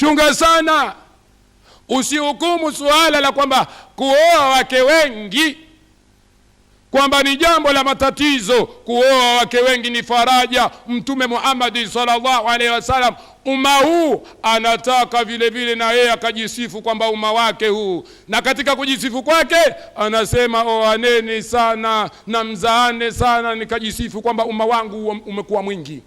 Chunga sana, usihukumu suala la kwamba kuoa wake wengi kwamba ni jambo la matatizo. Kuoa wake wengi ni faraja. Mtume Muhammad sallallahu alaihi wasallam umma huu anataka vile vile na yeye akajisifu kwamba umma wake huu, na katika kujisifu kwake anasema oaneni sana na mzaane sana, nikajisifu kwamba umma wangu umekuwa mwingi.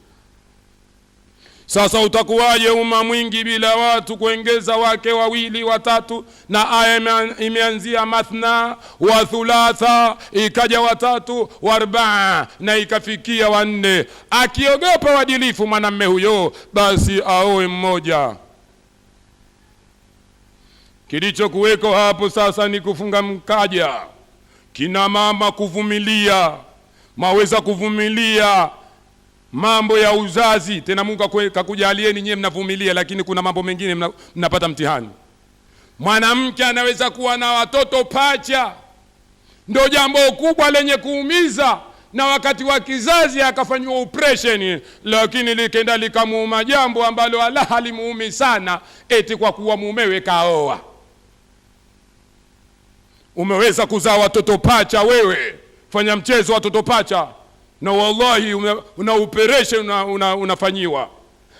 Sasa utakuwaje umma mwingi bila watu kuongeza wake wawili watatu? Na aya imeanzia mathna wa thulatha, ikaja watatu wa arbaa, na ikafikia wanne. Akiogopa uadilifu mwanamme huyo, basi aoe mmoja. Kilichokuweko hapo sasa ni kufunga mkaja. Kina mama kuvumilia, maweza kuvumilia mambo ya uzazi tena, Mungu kakujalieni nyie mnavumilia, lakini kuna mambo mengine mnapata mtihani. Mwanamke anaweza kuwa na watoto pacha, ndio jambo kubwa lenye kuumiza, na wakati wa kizazi akafanyiwa operation, lakini likenda likamuuma jambo ambalo ala halimuumi sana, eti kwa kuwa mumewe kaoa. Umeweza kuzaa watoto pacha wewe, fanya mchezo watoto pacha na wallahi una, una operation una, unafanyiwa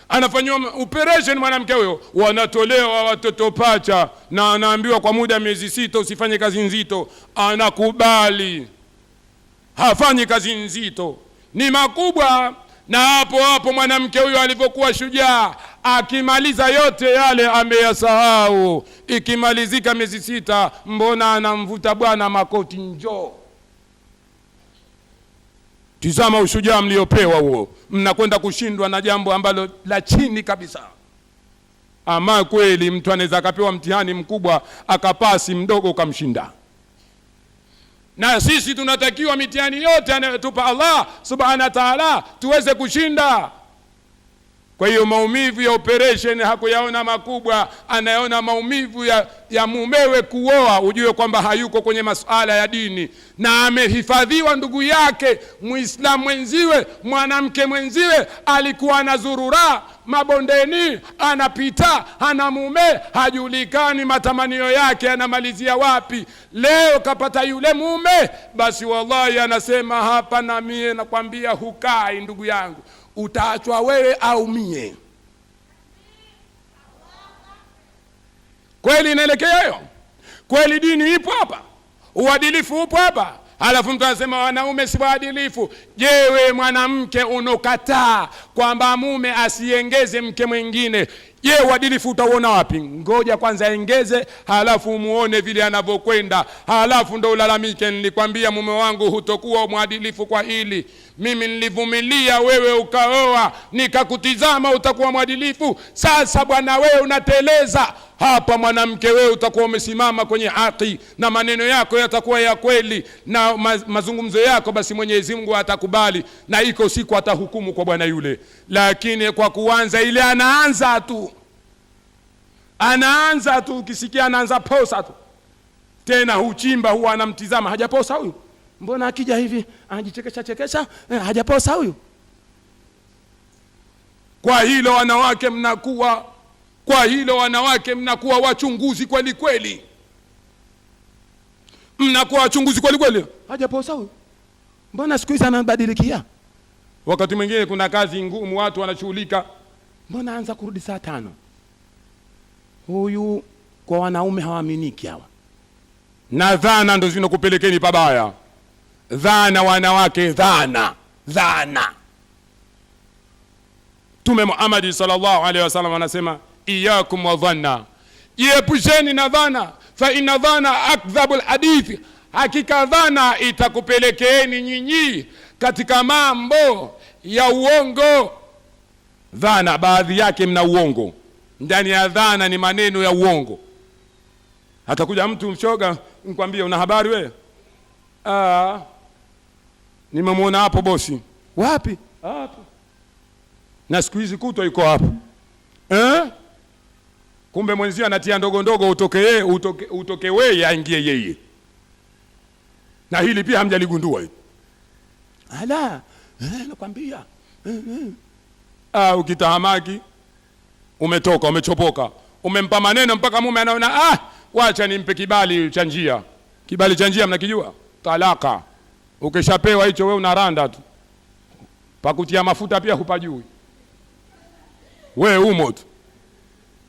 anafanyiwa operation mwanamke huyo, wanatolewa watoto pacha, na anaambiwa kwa muda miezi sita usifanye kazi nzito. Anakubali, hafanyi kazi nzito, ni makubwa. Na hapo hapo mwanamke huyo alivyokuwa shujaa, akimaliza yote yale ameyasahau. Ikimalizika miezi sita, mbona anamvuta bwana makoti, njoo Tizama ushujaa mliopewa huo, mnakwenda kushindwa na jambo ambalo la chini kabisa. Ama kweli mtu anaweza akapewa mtihani mkubwa akapasi, mdogo ukamshinda. Na sisi tunatakiwa mitihani yote anayotupa Allah subhanahu wa ta'ala tuweze kushinda. Kwa hiyo maumivu ya operation hakuyaona makubwa, anayaona maumivu ya ya mumewe kuoa, ujue kwamba hayuko kwenye masuala ya dini, na amehifadhiwa ndugu yake Muislamu mwenziwe, mwanamke mwenziwe, alikuwa anazurura mabondeni, anapita, ana mume, hajulikani matamanio yake anamalizia wapi. Leo kapata yule mume, basi wallahi, anasema hapa, na mie nakwambia, hukai ndugu yangu, utaachwa wewe au mie. Kweli inaelekea hiyo? Kweli dini ipo hapa, uadilifu upo hapa, alafu mtu anasema wanaume si waadilifu. Je, wewe mwanamke unokataa kwamba mume asiengeze mke mwingine, je, uadilifu utauona wapi? Ngoja kwanza engeze, halafu muone vile anavyokwenda, halafu ndo ulalamike, nilikwambia mume wangu hutokuwa mwadilifu kwa hili mimi nilivumilia, wewe ukaoa, nikakutizama utakuwa mwadilifu. Sasa bwana, wewe unateleza hapa mwanamke, wewe utakuwa umesimama kwenye haki na maneno yako yatakuwa ya kweli na mazungumzo yako, basi Mwenyezi Mungu atakubali na iko siku atahukumu kwa bwana yule. Lakini kwa kuanza ile, anaanza tu, anaanza tu, ukisikia anaanza posa tu tena, huchimba huwa anamtizama, hajaposa huyu, mbona akija hivi anajichekesha chekesha, eh, hajaposa huyu. Kwa hilo wanawake mnakuwa kwa hilo wanawake, mnakuwa wachunguzi kweli kweli, mnakuwa wachunguzi kweli kweli. Hajaposa huyu, mbona siku hizi anabadilikia? Wakati mwingine kuna kazi ngumu, watu wanashughulika, mbona anza kurudi saa tano? Huyu kwa wanaume hawaaminiki hawa, na dhana ndo zinakupelekeni pabaya. Dhana wanawake, dhana dhana. Mtume Muhammad sallallahu alaihi wasallam anasema iyakum wadhanna, jiepusheni na dhana. Fa inna dhana akdhabul hadith, hakika dhana itakupelekeeni nyinyi katika mambo ya uongo. Dhana baadhi yake mna uongo ndani ya dhana, ni maneno ya uongo. Atakuja mtu mshoga, nikwambie, una habari wewe? Ah, nimemwona hapo bosi. Wapi? Hapo. Na siku hizi kutwa iko hapo eh? kumbe mwenzio anatia ndogo ndogo, utoke yeye utoke, utoke wewe aingie yeye. Na hili pia hamjaligundua hili, ala eh, nakwambia eh, eh. Ah, ukitahamaki umetoka, umechopoka, umempa maneno mpaka mume anaona ah, wacha nimpe kibali cha njia. Kibali cha njia mnakijua? Talaka. Ukishapewa hicho wewe unaranda tu, pakutia mafuta pia hupajui, we umo tu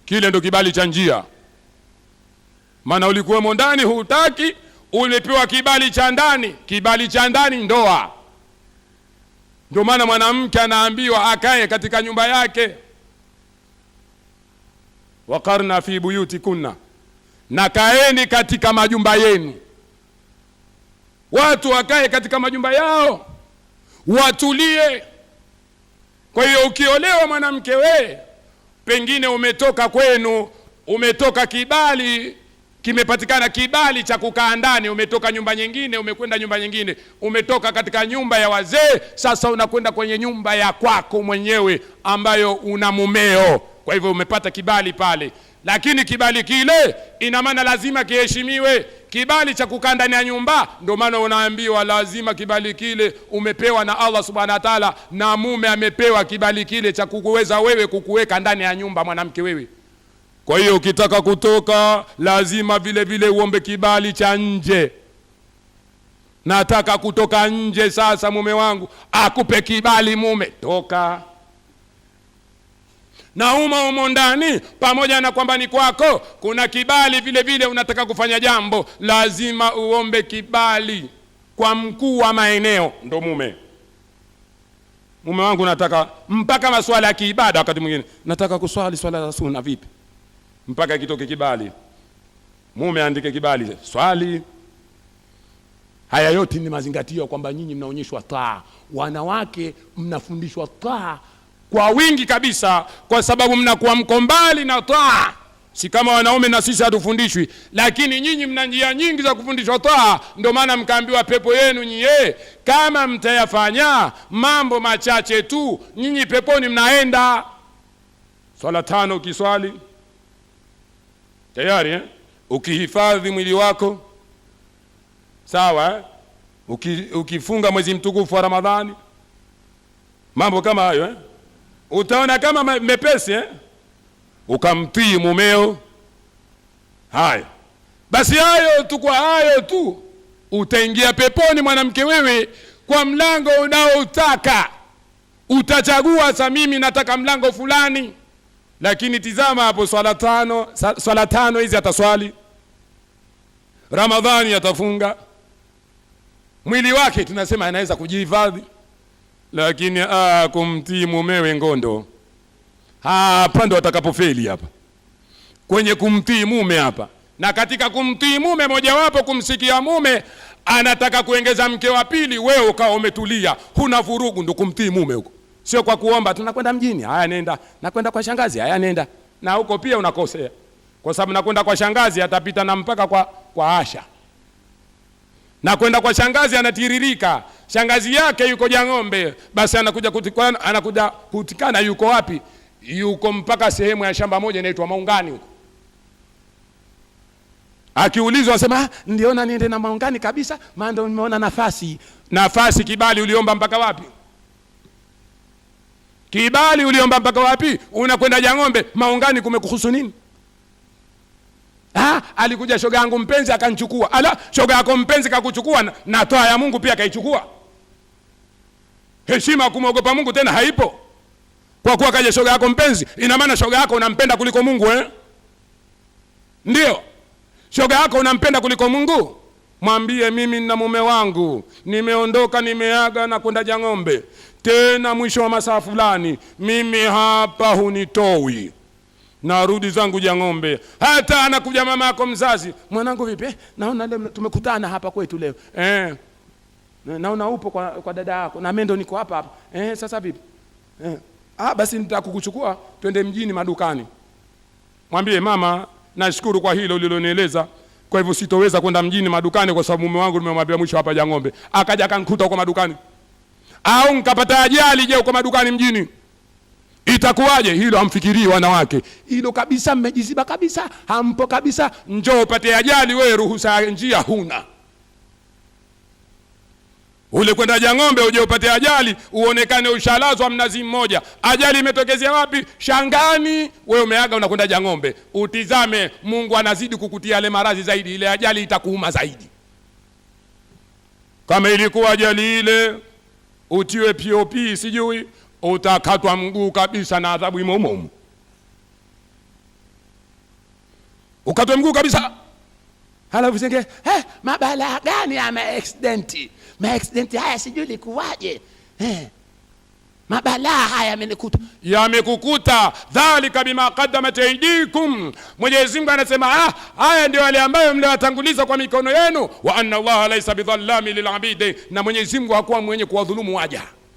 Kile ndo kibali cha njia, maana ulikuwemo ndani, hutaki, ulipewa kibali cha ndani. Kibali cha ndani ndoa. Ndio maana mwanamke anaambiwa akae katika nyumba yake, waqarna fi kunna, na kaeni katika majumba yenu. Watu wakae katika majumba yao, watulie. Kwa hiyo ukiolewa mwanamke, wewe pengine umetoka kwenu, umetoka kibali kimepatikana kibali cha kukaa ndani, umetoka nyumba nyingine, umekwenda nyumba nyingine, umetoka katika nyumba ya wazee, sasa unakwenda kwenye nyumba ya kwako mwenyewe ambayo una mumeo. Kwa hivyo umepata kibali pale, lakini kibali kile ina maana lazima kiheshimiwe kibali cha kukaa ndani ya nyumba. Ndio maana unaambiwa lazima kibali kile umepewa na Allah subhanahu wa ta'ala, na mume amepewa kibali kile cha kukuweza wewe kukuweka ndani ya nyumba, mwanamke wewe. Kwa hiyo ukitaka kutoka, lazima vile vile uombe kibali cha nje. Nataka kutoka nje sasa, mume wangu akupe kibali, mume toka na umo umo ndani, pamoja na kwamba ni kwako, kuna kibali vile vile. Unataka kufanya jambo, lazima uombe kibali kwa mkuu wa maeneo, ndo mume mume wangu, nataka mpaka masuala ya kiibada, wakati mwingine nataka kuswali swala za sunna, vipi? Mpaka kitoke kibali, mume aandike kibali, swali Haya yote ni mazingatio kwamba nyinyi mnaonyeshwa taa, wanawake mnafundishwa taa kwa wingi kabisa, kwa sababu mnakuwa mko mbali na taa. Si kama wanaume na sisi hatufundishwi, lakini nyinyi mna njia nyingi za kufundishwa taa. Ndio maana mkaambiwa pepo yenu nyie, kama mtayafanya mambo machache tu, nyinyi peponi mnaenda. Swala tano ukiswali tayari eh? Ukihifadhi mwili wako sawa eh? Uki, ukifunga mwezi mtukufu wa Ramadhani, mambo kama hayo eh? utaona kama mepesi eh? Ukamtii mumeo. Haya basi, hayo tu, kwa hayo tu utaingia peponi mwanamke, wewe kwa mlango unaoutaka utachagua. Sa mimi nataka mlango fulani, lakini tizama hapo, swala tano, swala tano hizi ataswali, Ramadhani atafunga, mwili wake tunasema anaweza kujihifadhi lakini ah, kumtii mumewe ngondo hapa ndo atakapofeli hapa kwenye kumtii mume hapa. Na katika kumtii mume, mojawapo kumsikia mume anataka kuengeza mke wa pili, wewe ukawa umetulia, huna vurugu, ndo kumtii mume huko. Sio kwa kuomba tunakwenda mjini, haya nenda, nakwenda kwa shangazi, haya nenda. Na huko pia unakosea, kwa sababu nakwenda kwa shangazi atapita na mpaka kwa, kwa Asha na kwenda kwa shangazi, anatiririka shangazi yake yuko Jang'ombe, basi anakuja kutikana, anakuja kutikana, yuko wapi? Yuko mpaka sehemu ya shamba moja inaitwa Maungani huko. Akiulizwa asema ah, ndiona niende na Maungani kabisa, maana ndio nimeona nafasi. Nafasi kibali uliomba mpaka wapi? Kibali uliomba mpaka wapi? Unakwenda Jang'ombe, Maungani kumekuhusu nini? Ah, alikuja shoga yangu mpenzi akanichukua. Ala, shoga yako mpenzi kakuchukua na toa ya Mungu pia kaichukua. Heshima kumwogopa Mungu tena haipo. Kwa kuwa kaja shoga yako mpenzi, ina maana shoga yako unampenda kuliko Mungu eh? Ndio. Shoga yako unampenda kuliko Mungu? Mwambie mimi na mume wangu nimeondoka, nimeaga na kwenda Jang'ombe, tena mwisho wa masaa fulani, mimi hapa hunitoi na rudi zangu Jang'ombe. Hata anakuja mama yako mzazi, mwanangu vipi, naona leo tumekutana hapa kwetu leo eh, naona upo kwa, kwa dada yako na mimi ndo niko hapa hapa eh, sasa vipi eh, ah, basi nitakukuchukua twende mjini madukani. Mwambie mama, nashukuru kwa hilo ulilonieleza kwa hivyo sitoweza kwenda mjini madukani kwa sababu mume wangu nimemwambia mwisho hapa Jang'ombe. Akaja akankuta huko madukani, au nikapata ajali je, huko madukani mjini Itakuwaje hilo? Hamfikirii wanawake hilo kabisa, mmejiziba kabisa, hampo kabisa. Njoo upate ajali, wewe ruhusa ya njia huna, ule kwenda Jang'ombe uje upate ajali, uonekane ushalazwa mnazi mmoja. Ajali imetokezea wapi? Shangani. Wewe umeaga unakwenda Jang'ombe, utizame, Mungu anazidi kukutia ile maradhi zaidi, ile ajali itakuuma zaidi. Kama ilikuwa ajali ile utiwe POP sijui utakatwa mguu kabisa na adhabu imo umo umo, ukatwe mguu kabisa. Halafu senge eh, mabala gani ya maaksidenti? Maaksidenti haya sijui likuwaje eh. Mabalaa haya yamenikuta, yamekukuta. Dhalika bima qaddamat aydikum, Mwenyezi Mungu anasema ah, haya ndio yale ambayo mliwatanguliza kwa mikono yenu. Wa anna Allaha laysa bidhallami lilabidi, na Mwenyezi Mungu hakuwa mwenye kuwadhulumu waja.